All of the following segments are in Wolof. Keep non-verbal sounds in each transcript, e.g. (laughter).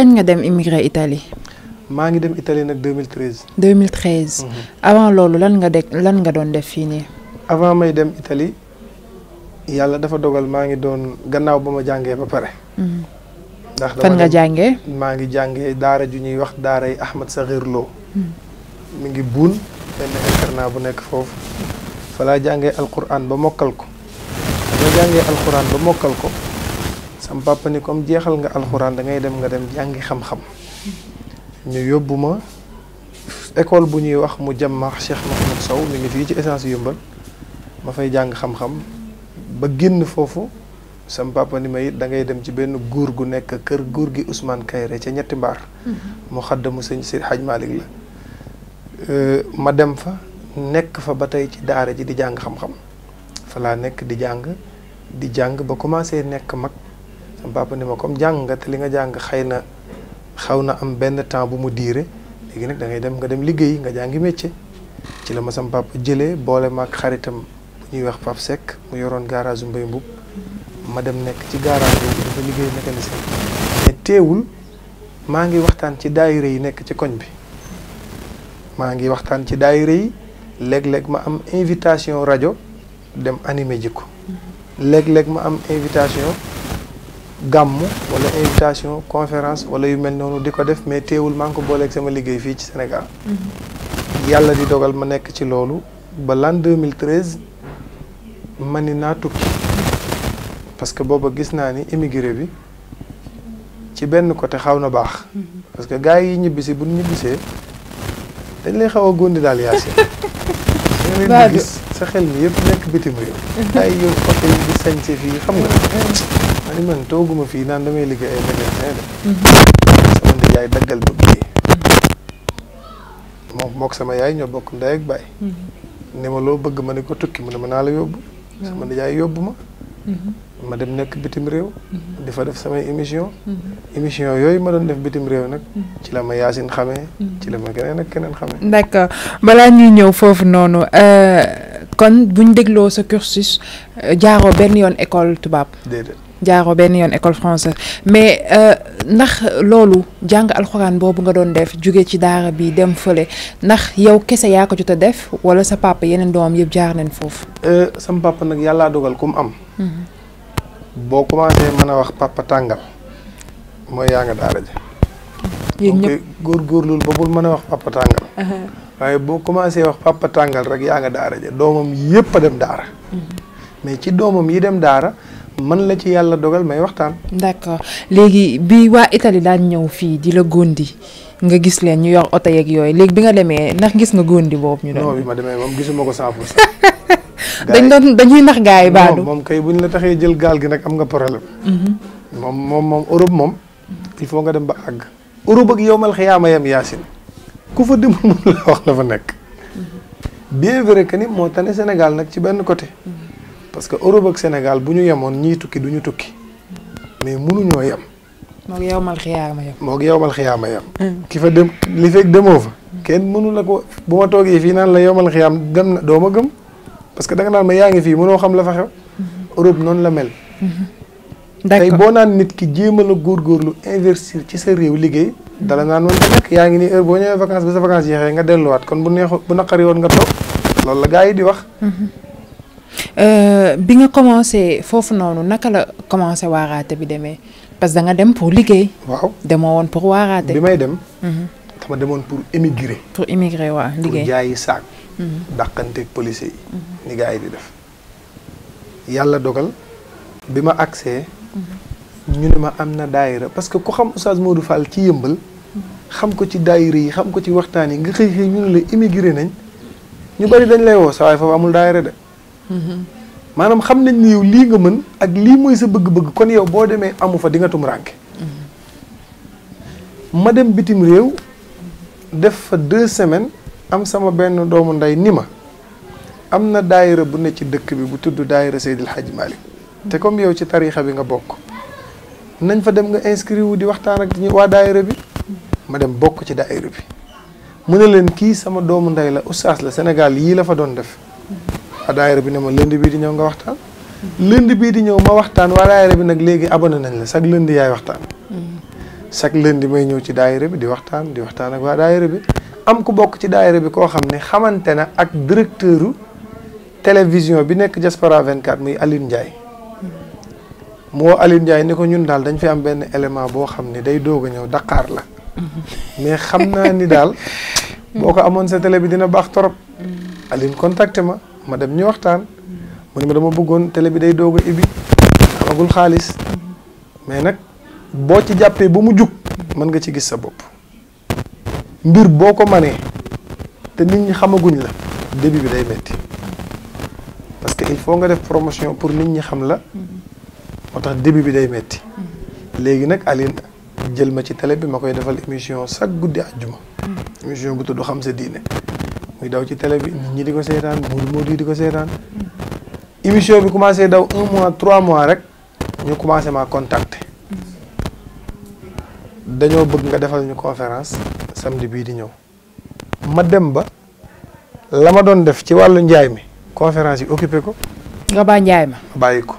kañ nga dem immigré Italie. ma ngi dem Italie nak 2013. 2013. avant lolu lan nga dek lan nga don def fini avant may dem Italie yalla dafa dogal ma ngi don gannaaw bama jangé ba paré mhm. ndax fan nga jangé ma ngi jangé daara ju ñuy wax ay Ahmed Sakhir Lo. Mhm. mi ngi bun ben internat bu nek fofu fa laa jàngee alquran ba mokal ko. ba jangé alquran ba mokal ko sam papa ni comme jeexal nga alcorane da ngay dem nga dem jangi xam-xam ñu yobuma ma école bu ñuy wax mu jamma Cheikh Mahmoud saw mi ngi ci essence yumbal ma fay jang xam-xam ba genn fofu sam papa ni ma da ngay dem ci benn góor gu nek keur góor gi Ousmane Kayre ci ñetti mbaar mm-hmm. mu xaddamu seigne sir hadj malik la ma dem fa nek fa batay ci daara ji di jang xam-xam fa la nek di jang di jang ba commencé nek mak sama papa ni ma comme jàng nga te li nga jàng xëy na xaw na am benn temps bu mu diire léegi nag da ngay dem nga dem liggéey nga jàngi métier ci la ma sama papa jëlee boole ak xaritam bu ñuy wax Pape Seck mu yoroon garage mbay mbub ma dem nekk ci garage boobu dafa liggéey mécanicien maa ngi waxtaan ci daayira yi nekk ci koñ bi maa ngi waxtaan ci daayira yi léeg-léeg ma am invitation rajo dem animé jikko léeg-léeg ma am invitation gàmmu wala invitation conférence wala yu mel noonu di ko def mais téewul maa ngi ko booleeg sama liggéey fii ci Sénégal. Mhm. yàlla di dogal ma nekk ci loolu ba l'an 2013 ma ni naa tukki parce que booba gis naa ni immigré bi ci benn côté xaw na baax. Mhm. parce que gars yi ñibbisi bu ñibbisee dañ lay xaw a góondi daal yaa (laughs) gis sa xel mi yëpp nekk bitim réew. (laughs) ay yow côté yi di sañse fii xam nga. (laughs) ani man tooguma fii naan damay liggéey ay magasin de mhm. sama ndiyaay daggal bëgg bi mhm. moom mook sama yaay ñoo bokk ndey ak baay mhm. ne ma loo bëgg ma ne ko tukki mu ne ma naa la yóbbu sama ndiyaay yóbbu ma ma dem nekk bitim réew di fa def samay émission émission yooyu ma def bitim réew nag ci la ma yaasin xamee ci la ma keneen ak keneen xamee d'accord balaa ñuy ñëw foofu noonu euh, kon buñ dégloo sa cursus euh, jaaroo benn yoon école tubaab jaaroo benn yoon école française mais euh, ndax loolu jàng alxuraan boobu nga doon def jóge ci daara bi dem fële ndax yow kese yaa ko jot a def wala sa papa yeneen doomam yëpp jaar nañ foofu. Euh, sam papa nag yàllaa dogal ku mhm. boo commencé mën a wax papa tàngal mooy yaa nga daara ja. yéen ñëpp góorgóorlu ba a wax papa tàngal. Uh-huh. waaye boo commencé wax papa tàngal rek a dem daara. Mhm. mais ci doomam yi dem daara man la ci yàlla dogal may waxtaan. d'accord léegi bii waa Italie daal ñëw fii di la gondi nga gis leen ñu yor oto yeeg yooyu léegi bi nga demee ndax gis nga gondi boobu. ñu doon ma demee moom gisuma ko 100 pour (laughs) dañ doon dañuy nax gars baa baadu. moom kay buñ la taxee jël gaal gi nag am nga problème. Mhm. moom moom moom Europe moom. il faut nga dem ba àgg. Europe ak yowmal xiyaama yam yaasin ku fa demul (laughs) mun la wax la fa nekk. Mhm. bien vrai que ni moo tane Sénégal nag ci benn côté. Mhm. parce que Europe ak Sénégal bu ñu yemoon ñii tukki du ñu tukki mais mënuñoo yem. moog yowmal xiyaama yem. moog yowmal xiyaama yam mm. ki fa dem li fek demo fa. kenn mënu la ko bu ma toogee la yowmal xiyaam dem na do ma gëm parce que nga nan ma yaangi fi mëno xam la fa xew. Mm-hmm. Europe non la mel. tay bo nan nit ki gor gor lu investir ci sa rew liggey dala naan man nag yaa ngi heure bo ñëwee vacances bu sa vacances jeexee nga wat kon bu neex bu nakari won nga tok lol la gaay di wax. Mm-hmm. Euh, bi nga commencé foofu noonu naka la commencé waaraate bi demee parce que da nga dem pour liggéey. waaw demoo woon pour waaraate. bi may dem. Mhm. dama demoon pour émigrer. pour émigrer waaw liggéey pour jaayi saak. Mhm. dàqanteeg police yi. Mhm. ni gars yi di def. yàlla dogal bi ma agsee ñu ne ma am na daayira parce que ku xam Oustaz Modou Fall ci yëmbal xam ko ci daayira yi xam ko ci waxtaan yi nga xëy xëy ñu ne la immigré nañ ñu bari dañ lay woo sa foofu amul daayira de maanaam xam nañ ni lii nga mën ak lii mooy sa bëgg-bëgg kon yow boo demee amu fa dinga nga tum mm-hmm. ma dem bitim réew def fa deux semaine am sama benn doomu ndey ni ma am na daayira bu ne ci dëkk bi bu tudd daayira Seydil Hadji Malick te comme yow ci tariixa bi nga bokk nañ fa dem nga inscrit wu di waxtaan ak waa daayira bi ma dem bokk ci daayira bi mu ne leen kii sama doomu ndey la oustaz la senegal yii la fa doon def waa daayira bi ne ma lënd bii di ñëw nga waxtaan lënd bii di ñëw ma waxtaan waa daayira bi nag léegi abonné nañ la sag lënd yaay waxtaan chaque lënd may ñëw ci daayira bi di waxtaan di waxtaan ak waa daayira bi am ku bokk ci daayira bi koo xam ne xamante na ak directeuru télévision bi nekk Diaspora 24 muy Aline Ndiaye moo Aline Ndiaye ni ko ñun daal dañ fi am benn élément boo xam ne day doog a ñëw daqaar la mais xam naa ni daal (laughs) boo ko amoon sa télé bi dina baax torop mm. Aline ma ma dem ñu waxtaan mu ne ma dama bëggoon télé bi day doog a ibi amagul xaalis mais nag boo ci jàppee ba mu jug mën nga ci gis sa bopp mbir boo ko manee te nit ñi xamaguñ la début bi day metti parce que il faut nga def promotion pour nit ñi xam la moo tax début bi day metti léegi nag alin jël ma ci télé bi ma koy defal émission chaque guddi àjjuma émission bu tudd xam sa diine muy daw ci télé bi nit ñi diko ko mur mur yi di ko seetaan émission bi commencé daw 1 mois 3 mois rek ñu commencé ma contacter dañoo bëgg nga défal ñu conférence samedi bi di ñëw ma dem ba lama doon def ci walu njaay mi conférence yi occupé ko. nga ba njaay ma. bayiko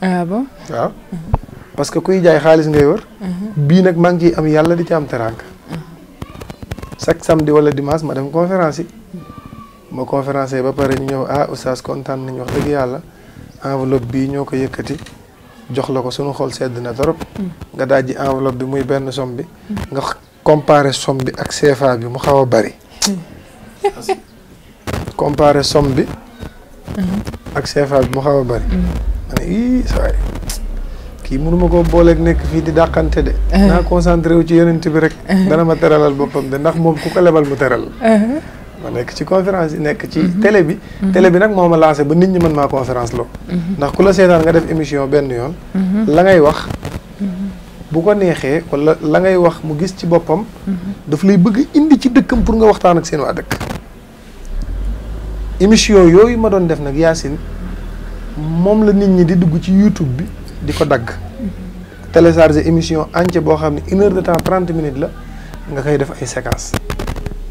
ah bon waaw. Mhm. parce que kuy jaay xaalis ngay wër. Mhm. bi nak maa ngi am yalla di ci am teranga chaque samedi wala dimanche ma dem conférence yi. Mhm. ma yi ba pare ñu ñëw ah oustaz kontaan nañu wax dëgg yàlla enveloppe bii ñoo ko yëkkati jox la ko suñu xol sedd na trop. Mm. nga daaj ji enveloppe bi muy benn somme bi. nga comparer some bi ak CFA bi mu xaw a bari. Mm. comparer somme bi. Mm-hmm. ak CFA bi xaw a bari. Mm. kii mënuma koo booleeg nekk fii di dàqante de. Eh. naa concentré wu ci yonent bi rek. Eh. dana ma teralal boppam de ndax moom ku ko lebal mu teral. ma nekk ci conférence yi nekk ci mhm. télé bi mhm. télé bi nag moo ma lancé ba nit ñi mën maa conférence loo mhm. ndax ku la seetaan nga def émission benn yoon la ngay wax bu ko neexee wala la ngay wax mu gis ci boppam daf lay bëgg indi ci dëkkam pour nga waxtaan ak seen waa dëkk émission yooyu ma doon def nag Yacine moom la nit ñi di dugg ci YouTube bi di ko dagg télécharger émission entière boo xam ne une de temps trente minutes la nga koy def ay séquences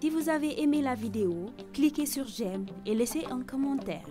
Si vous avez aimé la vidéo, cliquez sur j'aime et laissez un commentaire.